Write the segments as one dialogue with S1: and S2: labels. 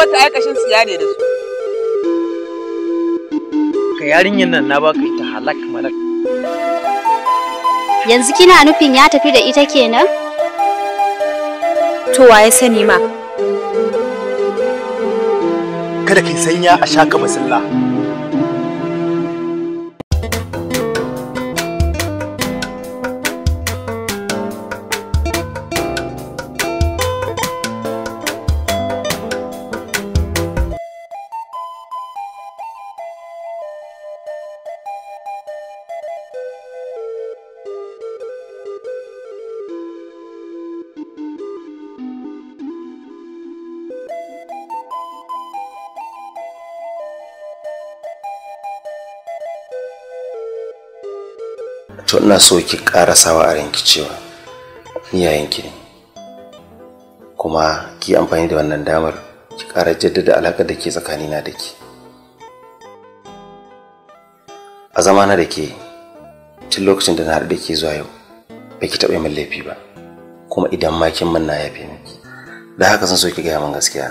S1: wata ai kashin
S2: siya da su ka yarinyar nan na baka ita halak malak
S3: yanzu kina nufin ya tafi da ita kenan to waye sani ma
S4: kada ki sanya a shaka masalla to ina so ki sawa a ranki cewa ki ne kuma ki amfani da wannan damar ki kara jaddada alaƙar da ke tsakanina da ke a zamana da ke tun lokacin da na haɗu da ke zuwa yau ba ki taɓa min laifi ba kuma idan ma kin min na yafe miki da haka zan so ki gaya min gaskiya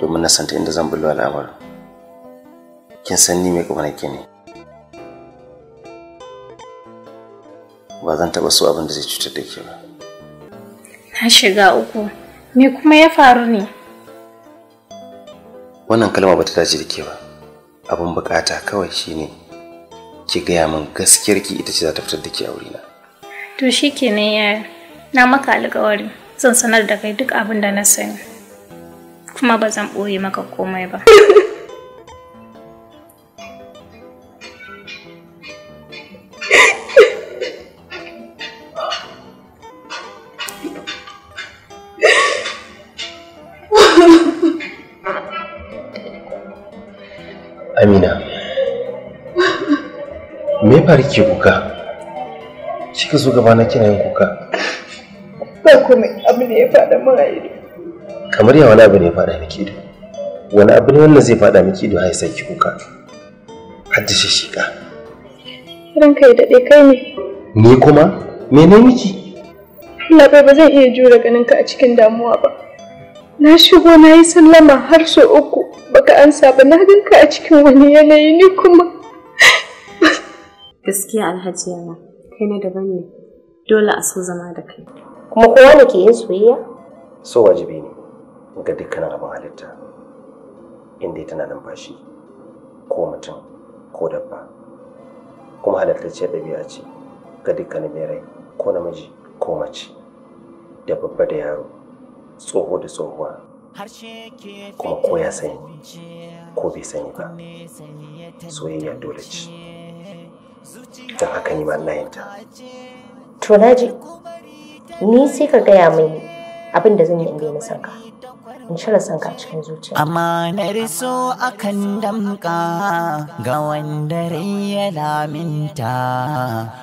S4: domin na santa inda zan bullo al'amarin kin san ni mai ke ne ba zan taɓa so abin da zai cutar da ke ba
S1: na shiga uku me kuma ya faru ne
S4: wannan kalma ba ta dace da ke ba abin bukata kawai shine ki gaya min gaskiyar ki ita ce za ta fitar da ke a wurina
S1: to shi kenan ya na maka alkawari zan sanar da kai duk abin da na sani kuma ba zan ɓoye maka
S5: komai ba
S4: Amina. Me ya faru ke kuka? Kika so gaba na kina yin kuka.
S3: Ba komai abu ne ya fada mana ido.
S4: Kamar ya wani abu ne ya faɗa miki ido. Wani abu ne wanda zai faɗa miki ido har sai ki kuka. Haddashe shiga.
S1: Ranka ya daɗe kai ne.
S2: Ni kuma? Me ne miki?
S1: Allah ba zan iya jure ganin ka a cikin damuwa ba. na shigo na yi sallama har sau uku baka ansa ba na ganka a cikin wani yanayi ne kuma gaskiya alhaji yana kai na daban ne dole a so zama da kai kuma kowa ne ke yin soyayya
S4: so wajibi ne ga dukkanin abin halitta inda tana numfashi ko mutum ko dabba kuma halattacciyar ɗabi'a ce ga dukkanin mai rai ko namiji ko mace da babba da yaro tsoho da tsohuwa kuma ko ya sani ko bai sani ba soyayya dole ce don haka ni ma ina yin ta
S3: to naji ni sai ka gaya mani abin da zan yi in daina son ka in son ka cikin zuciya.
S2: Amanar so akan damka ga wanda rai ya laminta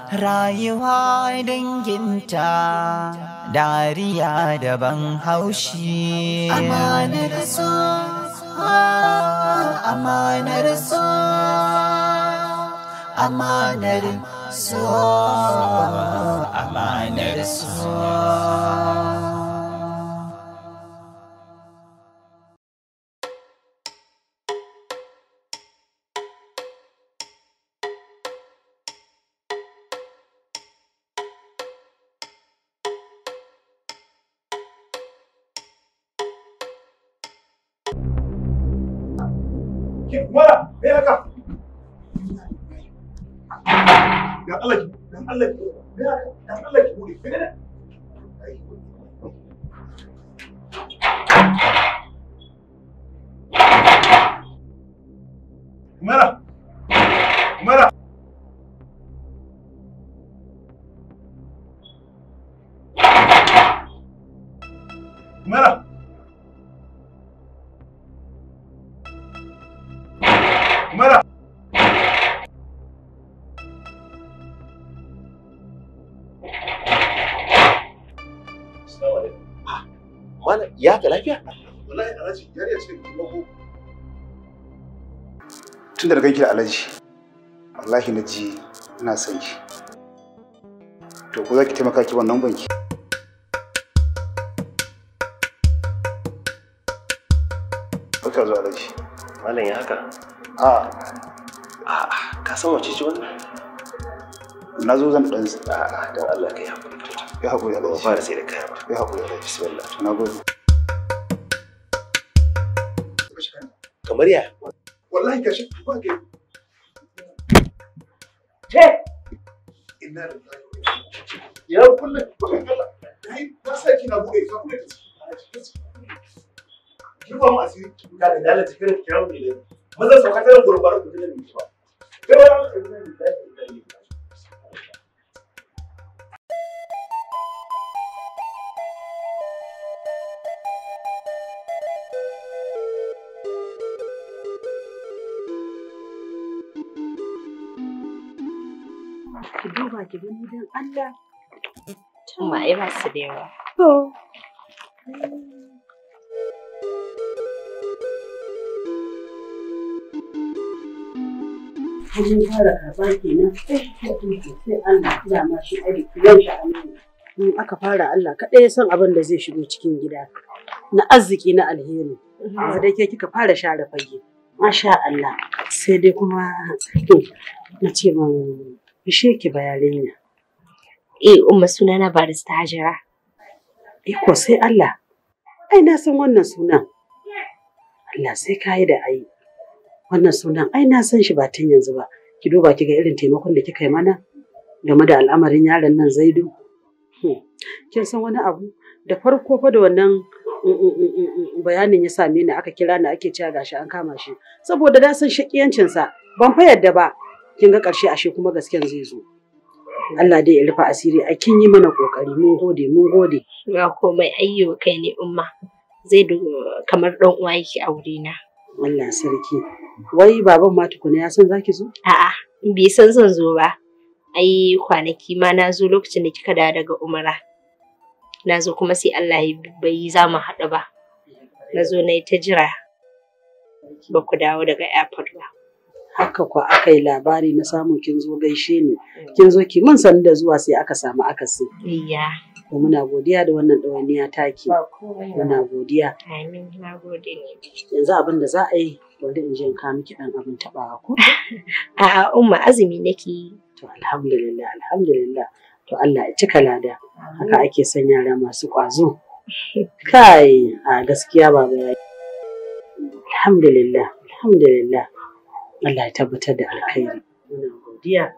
S2: rayuwa danginta dariya daban haushi. Ah, amanar so, amanar so, amanar so,
S5: amanar so. mara me haka dan Allah ki dan Allah ki dan Allah ki
S4: ya ta lafiya wallahi alhaji yariya ce mako tun da ganki da alhaji wallahi na ji ina son ki to ko za ki taimaka ki wannan banki Barka zo alhaji. Malam ya haka?
S5: A. A
S4: ka san wace ce wannan? Na zo zan dan a a dan Allah ka yi hakuri. Ya hakuri alhaji. Ba fara sai da kaya ba. Ya hakuri alhaji. Bismillah. Na gode. kamar ya wallahi ka shi ba ke
S5: ce
S3: inna da ya kulle ba ka kalla kai na sa ki na buɗe ka kulle ki ba mu
S5: asiri ka da dalar
S4: cikin kyawun ne maza sauka ta gurbarar kuɗin da ba Ke ba
S6: ki duba ki gani don Allah.
S3: Amma ai ba su da yawa.
S1: To.
S6: fara karɓa kenan sai sai Allah ma shi yau In aka fara Allah kaɗai ya san abin da zai shigo cikin gida na arziki na alheri. Mhm. Yanzu dai ke kika fara
S3: share fage. Masha Allah sai dai kuma na ce Bishe ki ba yarinya. Eh umma sunana barista Hajara.
S6: Eh ko sai Allah. Ai na san wannan sunan. Allah sai kayi da ai. Wannan sunan ai na san shi ba tun yanzu ba. Ki duba ki ga irin taimakon da kika yi mana game da al'amarin yaron nan Zaidu. Hmm. Kin san wani abu? Da farko fa da wannan mm, mm, mm, bayanin ya same ni aka kira ni ake cewa gashi an kama shi saboda na san shakiyancinsa ban fa yadda ba kin ga ƙarshe ashe kuma gasken zai zo Allah dai ya rufa asiri a kin yi mana kokari mun gode mun gode
S3: ba komai ayyo kai ne umma zai kamar dan uwa yake a na
S6: wannan sarki wai baban ma tukuna ya san zaki zo
S3: a'a bai san zan zo ba ai kwanaki ma na zo lokacin da kika dawo daga umara na zo kuma sai Allah ya bai za mu haɗu ba na zo na yi ta jira ba ku dawo daga airport ba
S6: haka kwa aka yi labari na samun kin zo gaishe ni mm. kin zo ki mun sanu da zuwa sai aka samu akasi iya ko muna godiya da wannan ɗawainiya taki muna godiya
S3: amin na gode
S6: yanzu abin da za a yi wanda in je in ka miki dan abin taba ko a'a umma azumi nake to alhamdulillah alhamdulillah to Allah ya cika lada haka ake son yara masu ƙwazo kai a gaskiya baba ya alhamdulillah alhamdulillah Allah ya tabbatar da alkhairi muna godiya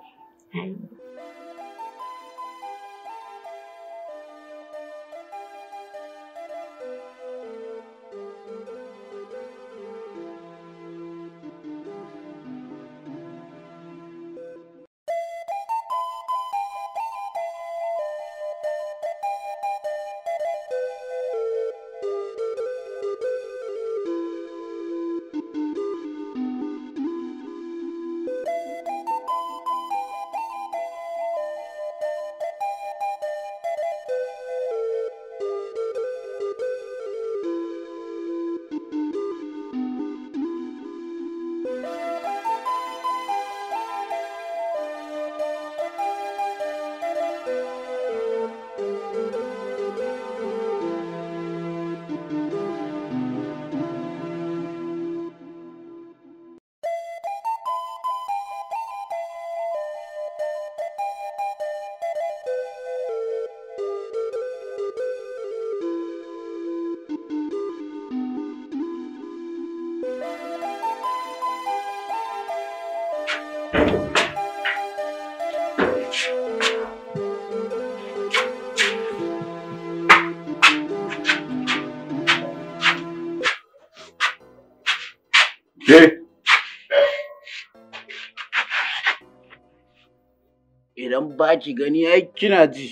S4: ba ki gani ai kina ji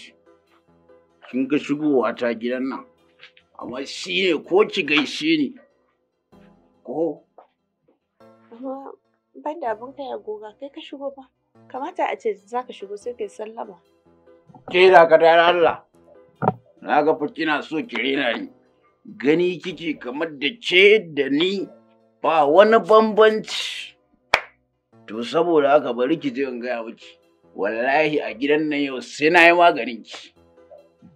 S4: kin ga shigowa ta gidan nan amma shi ne ko ki gaishe ni ko
S1: ban da abin kai agoga kai ka shigo ba kamata a ce za ka shigo sai kai sallama
S4: ke da ka da Allah na ga fa kina so ki rena ni gani kike kamar da ce da ni ba wani bambanci to saboda haka bari ki je in gaya miki
S2: wallahi a gidan nan yau sai na yi maganin ki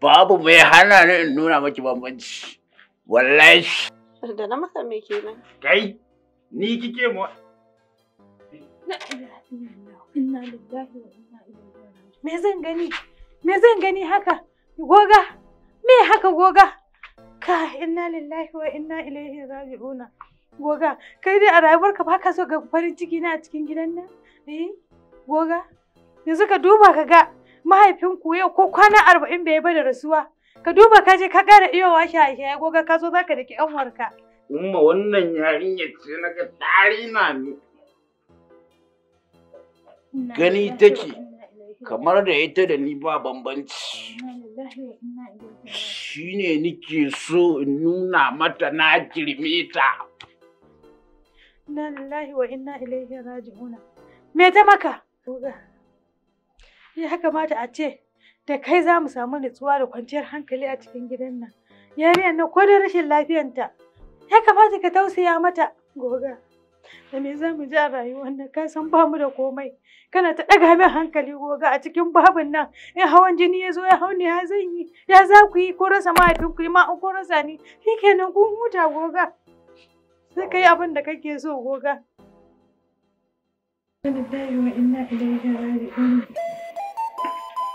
S2: babu mai hana ni in nuna maki bambanci wallahi
S1: da na maka me kenan
S2: kai
S4: ni kike mu
S1: inna me zan gani me zan gani haka goga me haka goga ka inna lillahi wa inna ilaihi raji'una goga kai dai a rayuwarka ba ka so ga farin ciki na a cikin gidan nan eh goga yanzu ka duba ka ga ku yau ko kwana arba'in bai ba da rasuwa ka duba ka je ka ƙara iyowa shaye-shaye goga ka zo za ka daki warka.
S3: Umma wannan yarinya ce
S1: na ga tari na ne. Gani take
S4: kamar da ita da ni ba bambanci.
S1: Shi
S4: ne nike so in nuna mata na girme ta.
S1: Inna lillahi wa inna ilaihi raji'una. Me ta maka? ya kamata a ce da kai za mu samu nutsuwa da kwanciyar hankali a cikin gidan nan yarinyar nan ko da rashin lafiyanta ya kamata ka tausaya mata goga da me za mu ji a rayuwar nan ka san ba mu da komai kana ta ɗaga min hankali goga a cikin babin nan in hawan jini ya zo ya hau ne ya zan yi ya za ku yi ko rasa mahaifin ku ma ko rasa ni kenan kun huta goga sai ka yi abin da kake so goga. Alhamdulillahi wa inna ilaihi raji'un.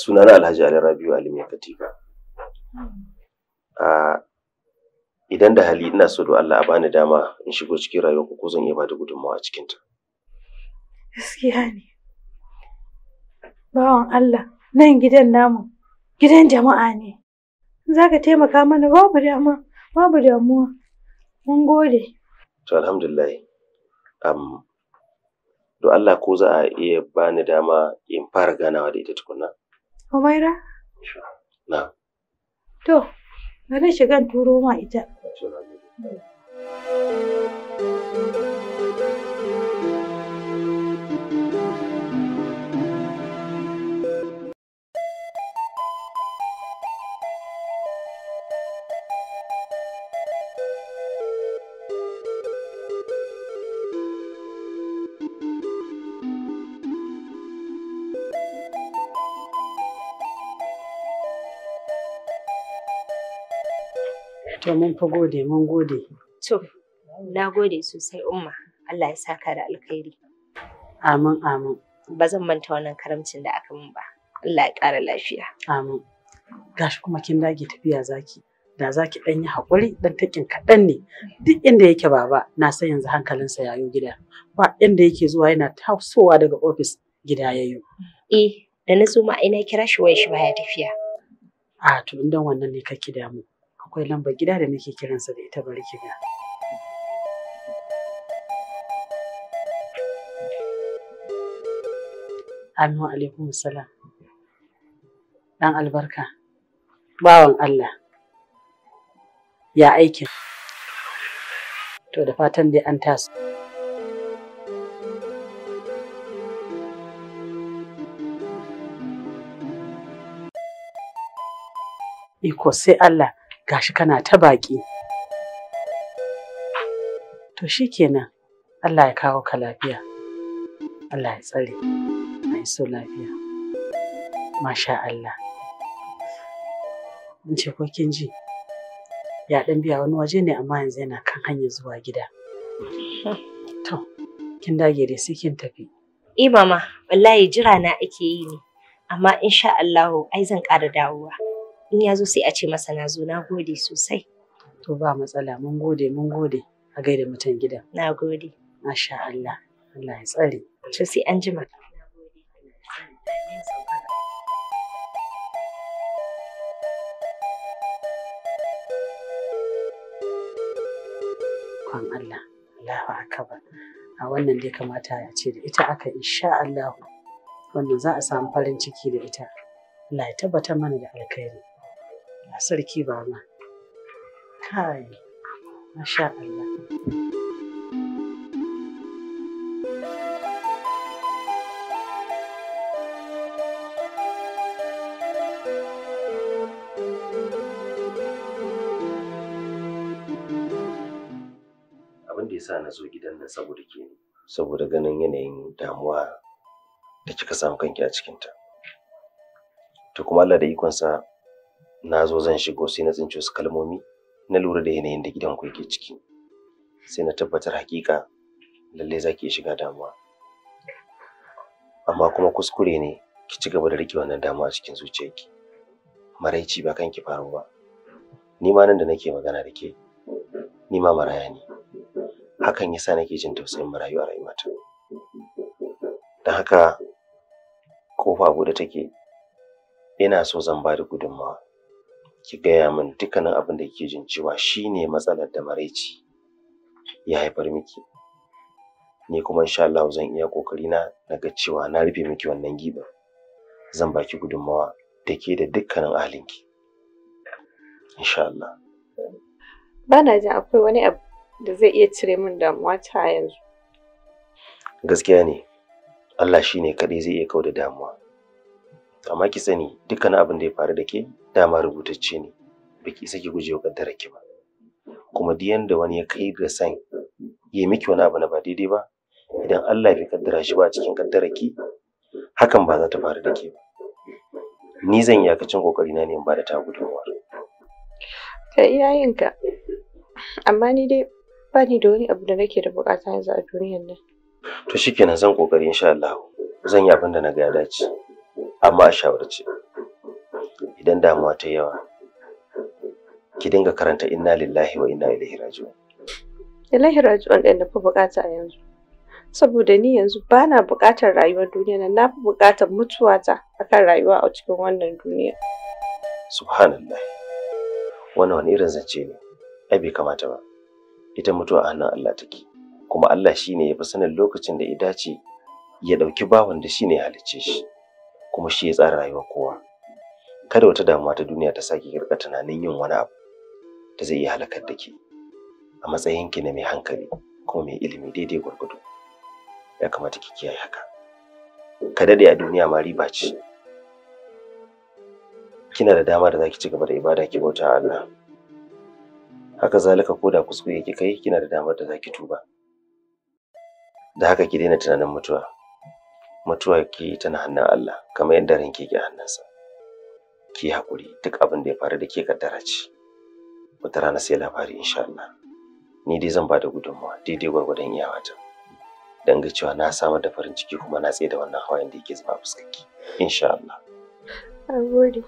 S4: Suna na alhaji ali rabiu ali mai katifa ah, idan da hali ina so da allah a bani dama in shigo cikin rayuwa, ko zan iya bada gudunmawa a cikinta
S1: gaskiya ne bawan allah nan gidan namu gidan jama'a ne za ka taimaka mana babu dama babu damuwa mun gode
S4: to alhamdulillah um, do allah ko za a iya bani dama in fara ganawa da ita tukunna Humaira? Na.
S1: To, bari shigan turo ma ita.
S6: To mun fa gode mun gode.
S3: To na gode sosai umma Allah ya sa ka da alkhairi.
S6: Amin amin.
S3: Ba zan manta wannan karamcin da aka mun ba. Allah ya ƙara lafiya.
S6: Amin. Gashi kuma kin dage tafiya zaki. Da zaki ɗan yi hakuri, ɗan takin kaɗan ne. Duk inda yake baba na san yanzu hankalinsa ya gida. Ba inda yake zuwa yana tasowa daga ofis gida ya Eh da na zo ma ina kira shi waya shi baya tafiya. A to in wannan ne kake damu. akwai lambar gida da muke kiransa da ita bari kiga. Amin alaikum salam. Dan albarka. Bawan Allah. Ya aikin. To da fatan dai an taso. Iko sai Allah gashi kana ta baƙi. To shi kenan, Allah ya kawo ka lafiya, Allah ya tsare, mai so lafiya. Masha Allah. In ce ko kin ji, ya ɗan biya wani waje ne amma yanzu yana kan hanyar zuwa gida. To, kin dage dai sai kin tafi.
S3: Eh, mama, wallahi jira na ake yi ne, amma insha Allah ai zan ƙara dawowa. in ya zo sai a ce masa na zo na gode sosai
S6: to ba matsala mun gode mun gode a gaida mutan gida
S3: na gode masha Allah Allah ya tsare to sai an jima
S6: kwan Allah Allahu akbar a wannan dai kamata ya ce da ita aka insha Allah wannan za a samu farin ciki da ita Allah ya tabbatar mana da alkhairi sarki ba ma. kai masha Allah
S4: abin da yasa na zo gidan nan saboda ke saboda ganin yanayin damuwa da kika samu kanki a cikinta to kuma Allah da ikonsa na zo zan shigo sai na tsinci wasu kalmomi na lura da yanayin da ku yake ciki sai na tabbatar hakika lalle za ki shiga damuwa amma kuma kuskure ne ki ci gaba da rike wannan damuwa a cikin zuciyarki maraici ba kanki faru ba ni ma nan da nake magana da ke ni ma maraya ne hakan yasa nake jin tausayin marayu a rayuwata don haka kofa buɗe take ina so zan ba da gudunmawa ki gaya min dukkanin abin da kike jin cewa shi ne matsalar da maraici ya haifar miki ni kuma insha Allah zan iya kokari na ga cewa na rufe miki wannan giba zan baki gudunmawa da ke da dukkanin ahalinki insha Allah
S1: bana jin akwai wani abu da zai iya cire min damuwa ta yanzu
S4: gaskiya ne Allah shine kaɗai zai iya da damuwa amma ki sani dukkanin abin da ya faru da ke dama rubutacce ne baki saki guje wa kaddara ki ba kuma duk yanda wani ya kai ga san ya miki wani abu na ba daidai ba idan Allah bai kaddara shi ba a cikin kaddarar ki hakan ba za ta faru da ke ba ni zan cin kokari na ne in ba da ta gudunmuwa
S1: ka iya ka amma ni dai ba ni da wani abu da nake da bukata yanzu a duniyar nan
S4: to shikenan zan kokari insha Allah zan yi abin da na ga ya dace amma a shawarce idan damuwa ta yawa ki dinga karanta inna lillahi wa inna ilaihi raji'un
S1: lillahi raji'un din da fi bukata a yanzu saboda ni yanzu ba na bukatar rayuwar duniya nan na fi bukatar mutuwa ta akan rayuwa a cikin wannan duniya
S4: subhanallah wannan wani irin zance ne ai bai kamata ba ita mutuwa a hannun Allah take kuma Allah shine ya fi sanin lokacin da ya dace ya ɗauki bawan da shine ya halicce shi kuma shi ya tsara rayuwar kowa kada wata damuwa ta duniya ta sake kirka tunanin yin wani abu da zai iya halakar da ke a matsayin ki na mai hankali kuma mai ilimi daidai gwargwado ya kamata ki kiyaye haka ka daɗe a duniya ma riba ce kina da dama da zaki ci gaba da ibada ki bauta Allah haka zalika ko da kuskure ki kai kina da damar da zaki tuba da haka ki daina tunanin mutuwa mutuwa ki tana hannun Allah kamar yadda ranke ke hannunsa ki haƙuri duk abin da ya faru da ke kaddara ce wata rana sai labari insha Allah ni dai zan bada gudunmawa daidai gwargwadon iyawata dan ga cewa na samar da farin ciki kuma na tsaye da wannan hawayen da yake zuba fuskarki insha Allah agode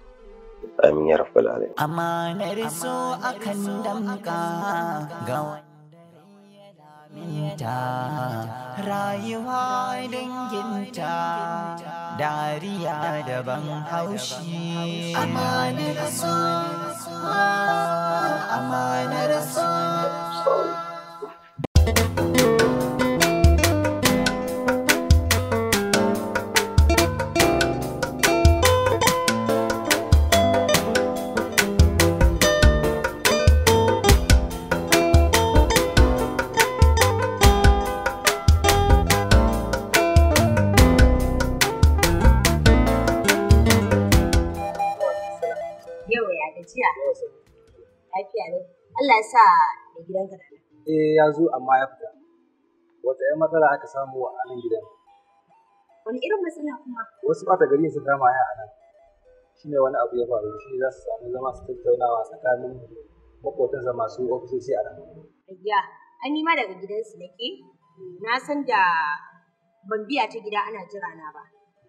S4: amin ya rabbal alamin
S2: amma na riso akan damka ga minta rayuwa danginta dariya ban haushi amanar so amanar so
S6: ɗaya eh, ya zo amma ya fita wata ‘yan matsala aka samu a nan gidan
S3: wani irin matsala kuma
S6: wasu ɓata gari sun kama ya a nan shine wani abu ya faru shi za su samu zama su tattaunawa
S4: tsakanin makotansa masu ofisoshi a nan
S3: ya an nima daga gidansu nake na san da ban biya ta gida ana jira na ba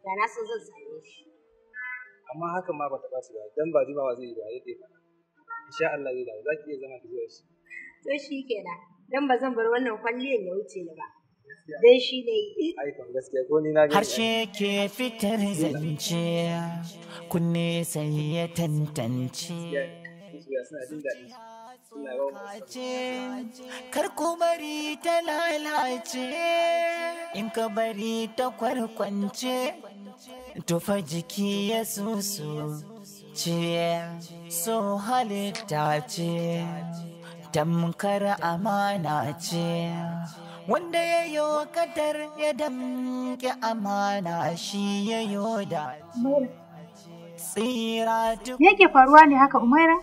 S3: da na san zan same shi
S6: amma hakan ma ba ta ɓaci ba dan ba jimawa zai yi ba yadda ya faɗa
S3: insha Allah zai dawo za ki iya zama da zuwa shi to shi kenan dan ba zan bar wannan kwalliyar ya wuce ni ba dan shi ne harshe
S2: ke fitar zance kunne sai ya tantance kar ku bari ta lalace in ka bari ta kwarkwance tufa jiki ya susu ce so halitta ce tamkar amana ce wanda ya yi kadar ya damke amana shi ya yi da tsira duk yake faruwa ne haka umaira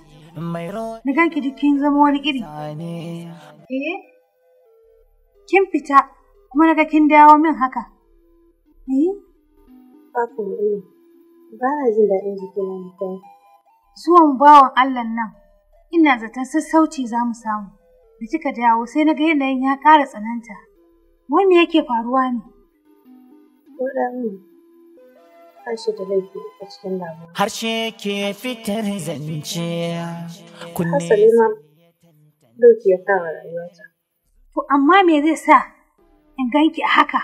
S1: na ganki duk kin zama wani iri eh kin fita kuma na ga kin dawo min haka eh ba ku ba na jin daɗin jikina kai. zuwan bawan Allah nan ina zaton sassauci za mu samu. Da kika dawo sai na ga yanayin ya ƙara tsananta. Wai me yake faruwa ne? Harshe da laifi a cikin damuwa.
S2: Harshe ke fitar zance.
S6: Hasali ma dauki ya kawo rayuwata.
S1: To amma me zai sa in ganki a haka?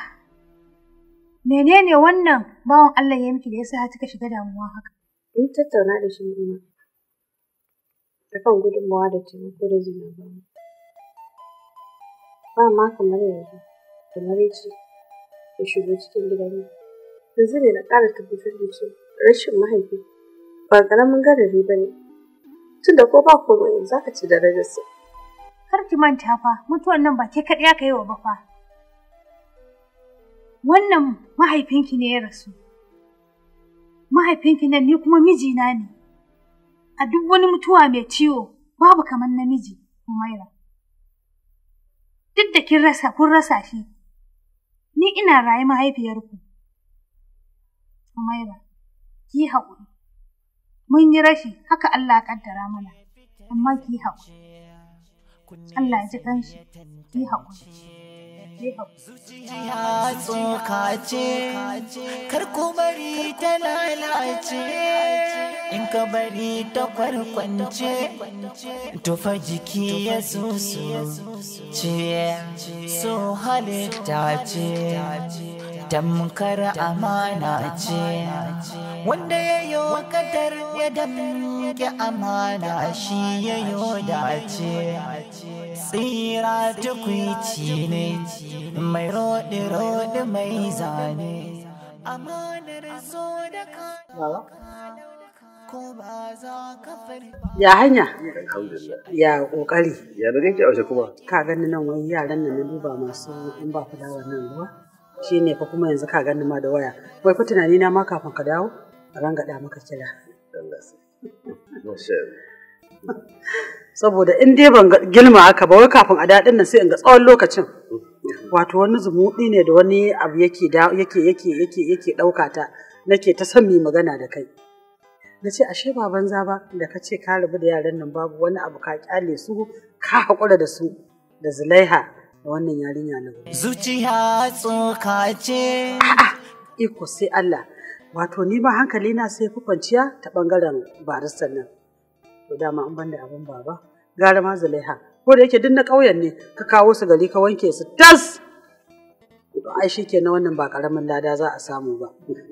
S1: Menene wannan bawan Allah ya miki da ya sa kika shiga damuwa haka? Mun tattauna da shi ne. da kan gudunmawa da taimako da zina ba ba ma kamar yanzu da marici ya shigo cikin gidan yanzu ne na ƙara tabbatar da cewa rashin mahaifi ba ƙaramin gadari ba ne tunda ko ba komai za ka ci su. kar ki manta fa mutuwan nan ba ke kaɗai aka yi wa ba fa wannan mahaifinki ne ya rasu mahaifinki nan ni kuma mijina ne A duk wani mutuwa mai ciwo babu kamar namiji, Umaira. Duk da kin rasa kun rasa shi, ni ina raye mahaifiyarku. Umaira, ki haƙuri. Mun yi rashi haka Allah kaddara mana, amma ki haƙuri. Allah ya ji ƙanshi, ki haƙuri.
S2: Zuciya tsoka ce, kar ku bari ta lalace, in ka bari ta kwarkwance, tufa jiki ya susu so halitta ce. tamkar amana ce wanda ya yi wakadar ya damke amana shi ya yi dace tsira tukwici ne mai roɗi-roɗi mai zane amanar
S6: zo da Ya hanya? Ya kokari.
S4: Ya da ganke aushe kuma?
S6: Ka gani nan wani yaran nan na duba masu in ba ku dawa nan ruwa. shi ne fa kuma yanzu ka gani ma da waya wai fa tunani na ma kafin ka dawo a rangada maka kira saboda in dai ban gilma haka ba wai kafin a daɗin nan sai in ga tsawon lokacin wato wani zumuɗi ne da wani abu yake yake yake yake yake ɗauka ta nake ta san mi magana da kai na ce ashe ba banza ba da ka ce ka rabu da yaran nan babu wani abu ka kyale su ka haƙura da su da zulaiha da wannan yarinya na Zuciya tsoka ce. Iko sai Allah, wato ni ba hankali na sai fi kwanciya ta ɓangaren barista nan. To dama an banda abin baba, gara ma zulaiha. Ko da yake duk na ƙauyen ne, ka kawo su gari ka wanke su tas. ai shi na wannan ba ƙaramin lada za a samu ba.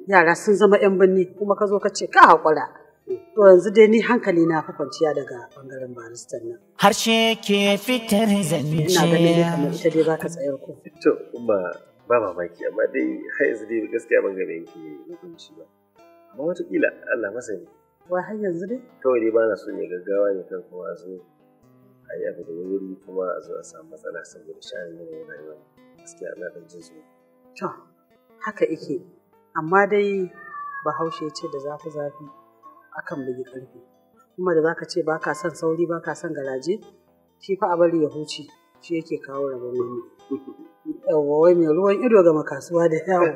S6: Yara sun zama 'yan birni kuma ka zo ka ce ka haƙura. To yanzu dai ni hankali na fa kwanciya daga bangaren
S2: baristan nan. Harshe ke fitar zance. Ina ganin ne kamar ita dai za ka tsayar
S6: ku.
S4: To ba ba mamaki amma dai har yanzu dai gaskiya ban gane yanki hukunci ba. Amma wataƙila Allah ne.
S6: Wa har yanzu dai?
S4: Kawai dai ba na so ne gaggawa ne kan kuma a zo a yi abu da wuri kuma a zo a samu matsala saboda shanin yanayin rayuwa. Gaskiya Allah da jin zuwa.
S6: To haka ike amma dai bahaushe ce da zafi-zafi. akan bugi ƙarfi kuma da zaka ce baka son sauri baka son garaje shi fa a bari ya huce shi yake kawo rabon wani yawa wai mai ruwan ido ga makasuwa da yawo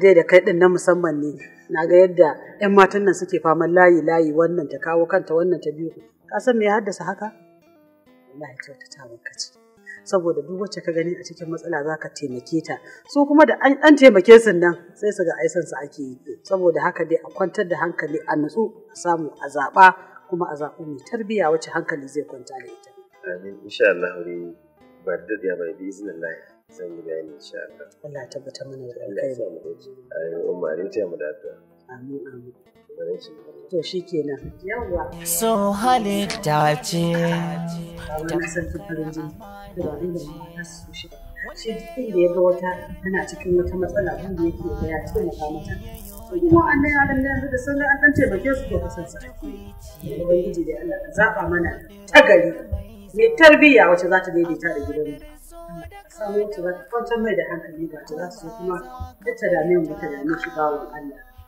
S6: dai da kai din na musamman ne na ga yadda 'yan matan nan suke faman layi layi wannan ta kawo kanta wannan ta biyu ka san me ya haddasa haka wallahi kyautata maka saboda duk wacce ka gani a cikin matsala za ka taimake ta su kuma da an taimake su nan sai su ga aisan su ake yi saboda haka dai a kwantar da hankali a nutsu a samu a zaɓa kuma a zaɓi mai tarbiyya wacce hankali zai kwanta da ita.
S4: Amin insha Allah ne ba da da ba bi izinin Allah zan yi bayani insha Allah.
S6: Allah tabbata mana da alkhairi.
S4: Allah ya sa mu Amin umma ne ta mu da
S6: Amin amin. To shi kenan.
S2: So halitta ce. Wani
S6: sarki farin jini da wani da mata su shi. Shi duk da ya ga wata tana cikin wata matsala wanda yake da ya taimaka mata. To kuma an dai yaran da yanzu da sallah an tance bake su ko kasar sa. Ubangiji da Allah ka zaba mana tagari gari. Mai tarbiyya wacce za ta daidaita da gidanmu. Samun ta za ta kwantar mai da hankali ba ta za su kuma duk ta dame mu ta dame
S5: shi bawon Allah.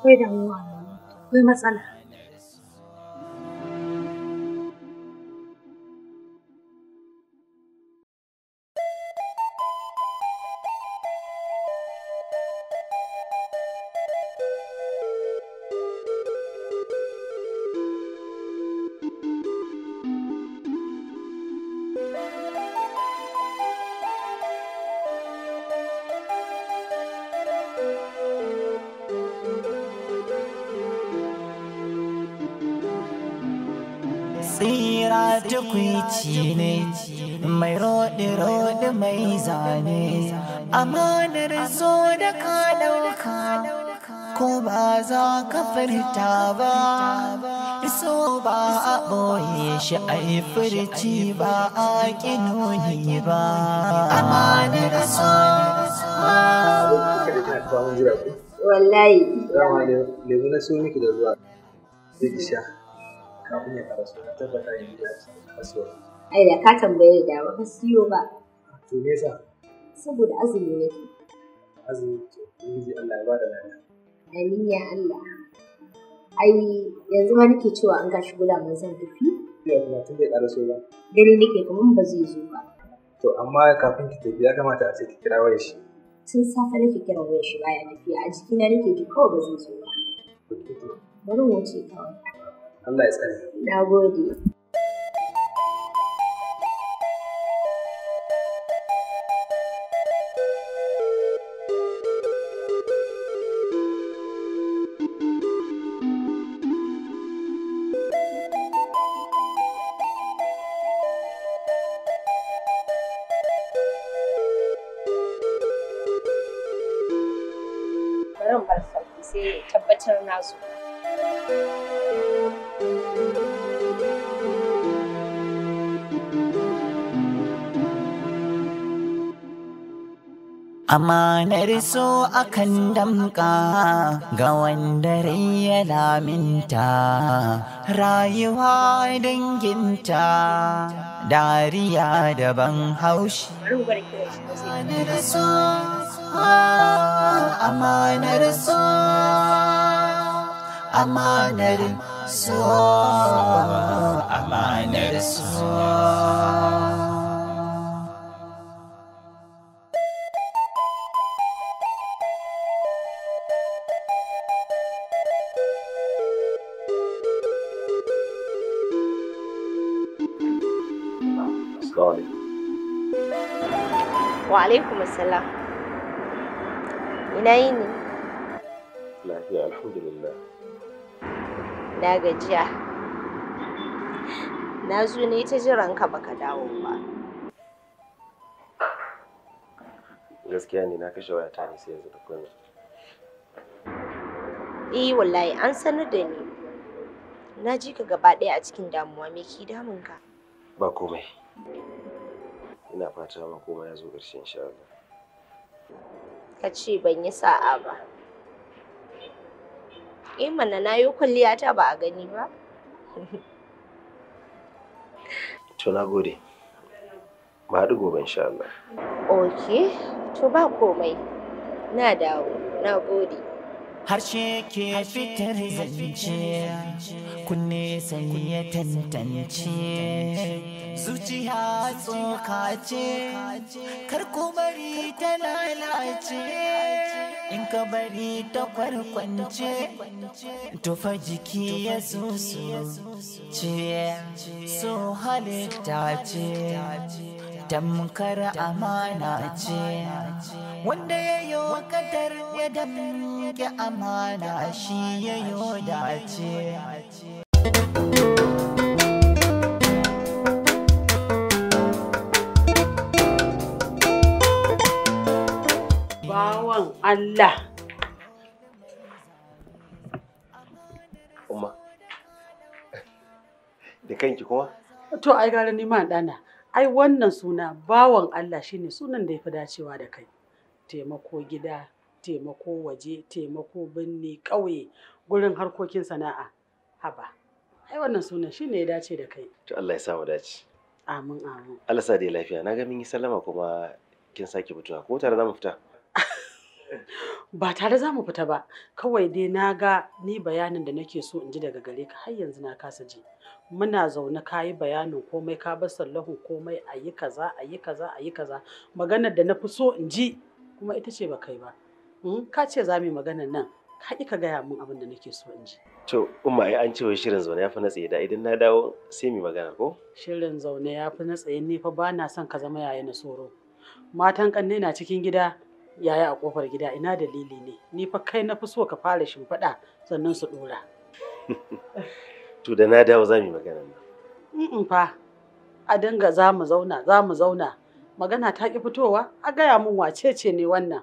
S1: akwai damuwa akwai matsala
S2: tukwici ne mai rode rode mai zane amma amanar zo da ka dauka ko ba za ka furta ba iso ba a boye shi a yi furci ba a ƙinoni ba amma amanar zo
S3: wallahi lemu na so miki da ruwa zai sha kafin ya karasu na tabbata ya biya kasuwa. Ai da ka tambaye da ba ka siyo ba. To me yasa? Saboda azumi ne. Azumi to
S6: ubangiji Allah ya bada lafiya.
S3: Amin ya Allah. Ai yanzu ma nake cewa an gashi gulaman zan tafi.
S6: Ya kuma tun bai karaso ba.
S3: Gani nake kuma ba zai zo ba.
S6: To amma kafin ki tafi ya kamata a ce ki kira wayar shi.
S3: Tun safe nake kira wayar shi baya tafiya a jikina nake ji kawai ba zai zo ba. Bari mu wuce kawai. Allah ya tsare. Na gode.
S2: Amanar so akan damka ga wanda rai ya laminta, rayuwa danginta, dariya daban haushi. Ah, amanar so, amanar so,
S5: amanar so, amanar so.
S3: alaikum assalam ina yini
S4: lafiya alhamdulillah
S3: na gajiya na zo ne ta jiran ka baka dawo ba
S4: gaskiya ne na kashe wayata ne sai yanzu da kuma
S3: eh wallahi an sanar da ni na ji ka gaba ɗaya a cikin damuwa me ke damun ka
S4: ba komai ina fata ma ya zo ƙarshe insha Allah
S3: ka ce ban yi sa'a ba eh mana na yi kwalliya ta ba a gani ba
S4: to na gode ba haɗu gobe insha Allah
S3: ok to ba komai na dawo
S2: na gode harshe ke fitar zance kunne sai ya tantance zuciya tsoka ce kar ku bari ta lalace in ka bari ta kwarkwance tufa jiki ya susu ce so halitta ce tamkar amana ce wanda ya yi wa kadar ya damke amana shi ya yi dace
S6: Allah
S4: umma da kanki kuma
S6: to ai gara ni ma dana ai wannan suna bawan Allah shine sunan da yafi dacewa da kai taimako gida taimako waje taimako binne ƙauye gurin harkokin sana'a haba ai wannan sunan shine ya dace da kai
S4: to Allah ya samu dace
S6: amin amin
S4: Allah sa dai lafiya na ga mun yi sallama kuma kin sake fitowa ko tare za mu fita Ba
S6: tare za mu fita ba, kawai dai na ga ni bayanin da nake so in ji daga gare ka har yanzu na kasa ji. Muna zaune ka yi bayanin komai ka bar sallahu komai a yi kaza a yi kaza a yi kaza. Maganar da na fi so in ji kuma ita ce ba kai ba. Hmm? Ka ce za mu yi maganar nan ka ka gaya min abin da nake so in ji.
S4: To, umma ai an ce wai shirin zaune ya fi na tsaye da idan na dawo sai mu magana ko?
S6: Shirin zaune ya fi na tsaye ni fa ba na son ka zama yayi na soro. Matan kanne na cikin gida yaya a kofar gida ina dalili ne ni fa kai na fi so ka fara shimfiɗa sannan su ɗora.
S4: to da na dawo za mu yi magana
S6: nan. fa a dinga za mu zauna za mu zauna magana ta ƙi fitowa a gaya min wacece ne wannan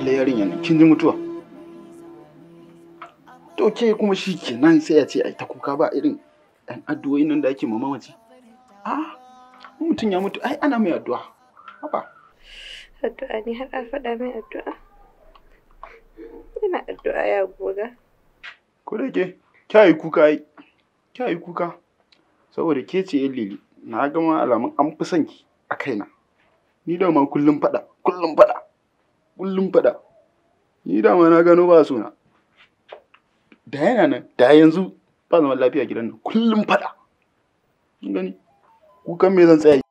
S4: lalle yarinya ne kin ji mutuwa to ke kuma shi kenan sai ya ce ai ta kuka ba irin ɗan addu'o'in nan da ake mama mamaci a mutum ya mutu ai ana mai addu'a
S1: haba addu'a ne har an faɗa mai addu'a ina addu'a ya goga
S3: ko da ke kyayi kuka ai
S4: kyayi kuka saboda ke ce yan lili na gama alamun an fi son ki a kaina ni da ma kullum faɗa kullum faɗa kullum faɗa ni dama na gano ba suna da yana nan da yanzu ba zaman lafiya gidan nan kullum faɗa gani kukan me zan tsaya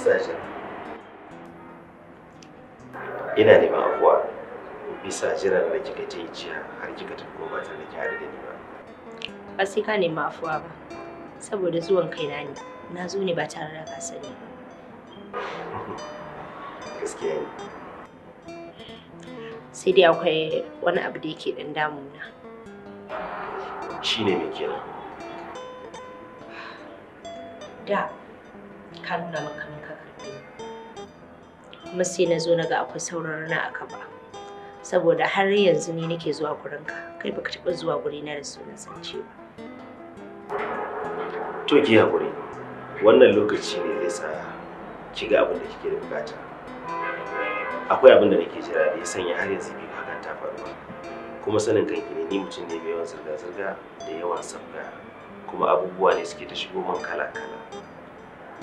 S4: sashi ina neman afuwa bisa jiran da kika je jiya har kika tafi ko ta da kyari da ni ba
S3: ba sai ka nema afuwa ba saboda zuwan kaina ne na zo ne ba tare da ka sani ba
S4: gaskiya ne
S3: sai dai akwai wani abu da yake ɗan damuna
S4: shine mai kenan
S3: da ka nuna maka kuma sai na zo na ga akwai sauraron na a ba saboda har yanzu ni nake zuwa gurin ka kai baka taba zuwa na da sunan zance
S4: ba to ki hakuri wannan lokaci ne zai sa ki ga abin da kike da bukata akwai abin da nake jira da ya sanya har yanzu bai hakan ta faru ba kuma sanin kanki ne ni mutum ne mai yawan zirga-zirga da yawan sabga kuma abubuwa ne suke ta shigo man kala-kala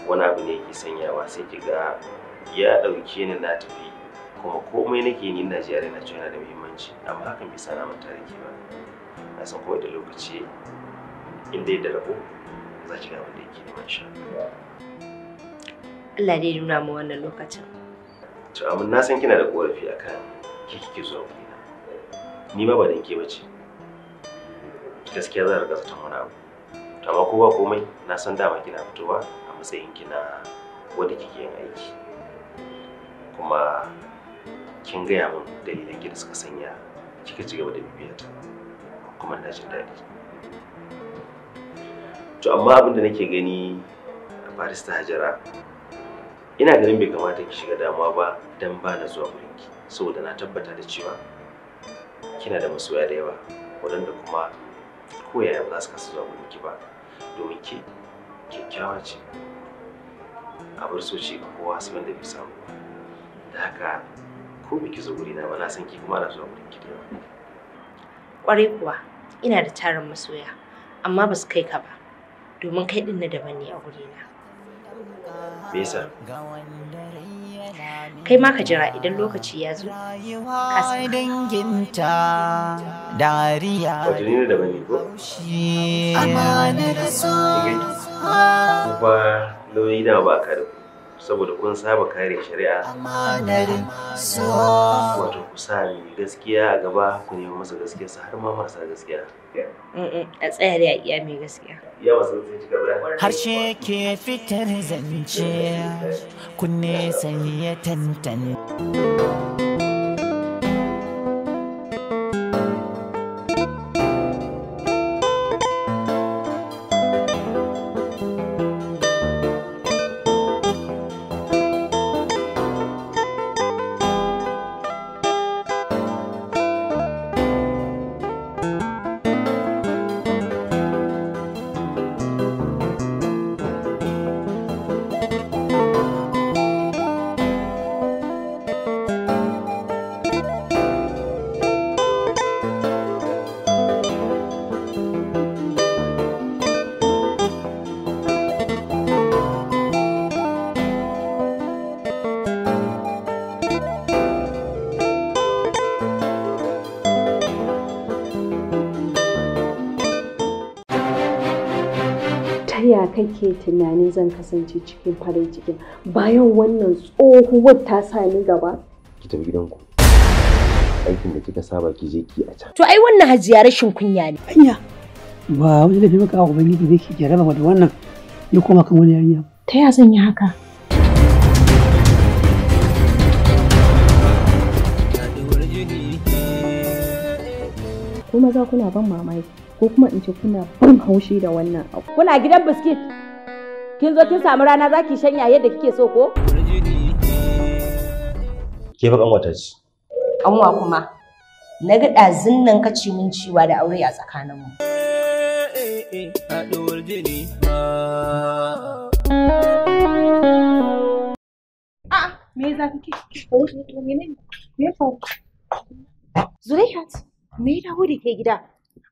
S4: wani abu ne yake sanyawa sai ki ga ya ɗauke ni na tafi kuma komai nake ni ji yare na yana da muhimmanci amma hakan bai sana mata da ke ba na san kawai da lokaci inda ya da rabo za ki ga wanda yake neman sha
S3: Allah dai nuna mu wannan lokacin
S4: to amma na san kina da korafi akan ki kike zuwa wurina ni ma ba da ke bace gaskiya zan rika zaton wani abu to amma ko ba komai na san dama kina fitowa a matsayin kina wanda kike yin aiki kuma kin gaya min dalilan gida da suka sanya kika ci gaba da bibiyata kuma na jin daɗi to amma abin da nake gani a faris ta Hajara ina ganin bai kamata ki shiga damuwa ba dan ba na zuwa wurin saboda na tabbata da cewa kina da masoya da yawa waɗanda kuma koyaya yaya ba za su kasa zuwa wurin ba domin ki kyakkyawa ce a bar so ce kowa su wanda bai samu ba da haka ko biki zo gurina ba na san ki kuma na zuwa wurin ki da yawa
S3: kwarai kuwa ina da tarin masoya amma ba su kai ka ba domin kai din na daban ne a wurina. me yasa kai ma ka jira idan lokaci ya zo ka
S2: danginta dariya wato ne daban ne ko amanar so
S4: ba lauyi da ba ka da ku saboda kun saba kare shari'a wato ku sa mai gaskiya a gaba ku nemi masa gaskiya su har ma masa gaskiya
S2: a tsaya da iya mai gaskiya harshe ke fitar zance kunne ya tantance
S6: ta ya kake tunanin zan kasance cikin farin cikin bayan wannan tsohuwar
S3: ta sa ni gaba
S4: ki tafi gidanku aikin da kika saba ki je ki a can
S3: to ai wannan hajiya rashin kunya ne hanya
S2: ba wani da maka abu bangiji ne ki ba da
S6: wannan ya koma kan wani yarinya
S1: ta ya zan yi haka kuma za kuna ban mamaki ko kuma in ce kuna ban haushi da wannan abu.
S3: Kuna gidan biskit? Kin zo kin samu rana za ki shanya yadda kike so ko?
S4: Ke fa kanwata ce.
S3: Kanwa kuma. Na ga ɗazin nan ka ci min ciwa da aure a tsakaninmu.
S1: A'a, me za ki ke? Me ya me
S3: dawo da ke gida?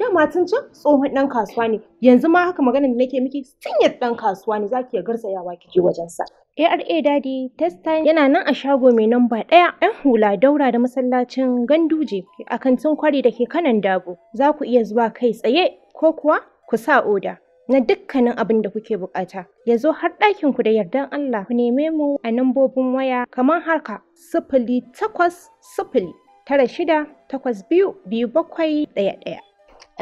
S3: dama matan can tsohon dan kasuwa ne yanzu ma haka magana da nake miki sinyar dan kasuwa ne zaki ya garzayawa kike wajen sa ARA Daddy test time yana nan a shago mai namba ɗaya ɗan hula daura da masallacin Ganduje a kantin kwari da ke kanan dabo za ku iya zuwa kai tsaye ko kuwa ku sa oda na dukkanin abin da kuke bukata ya zo har ɗakin ku da yardan Allah ku neme mu a nambobin waya kamar harka sifili takwas sifili tara shida takwas biyu biyu bakwai ɗaya ɗaya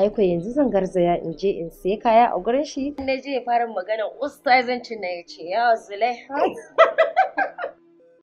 S3: aiko yanzu zan garzaya in je in sai kaya a gurin shi na je fara magana ustazancin na ya ce yawa zule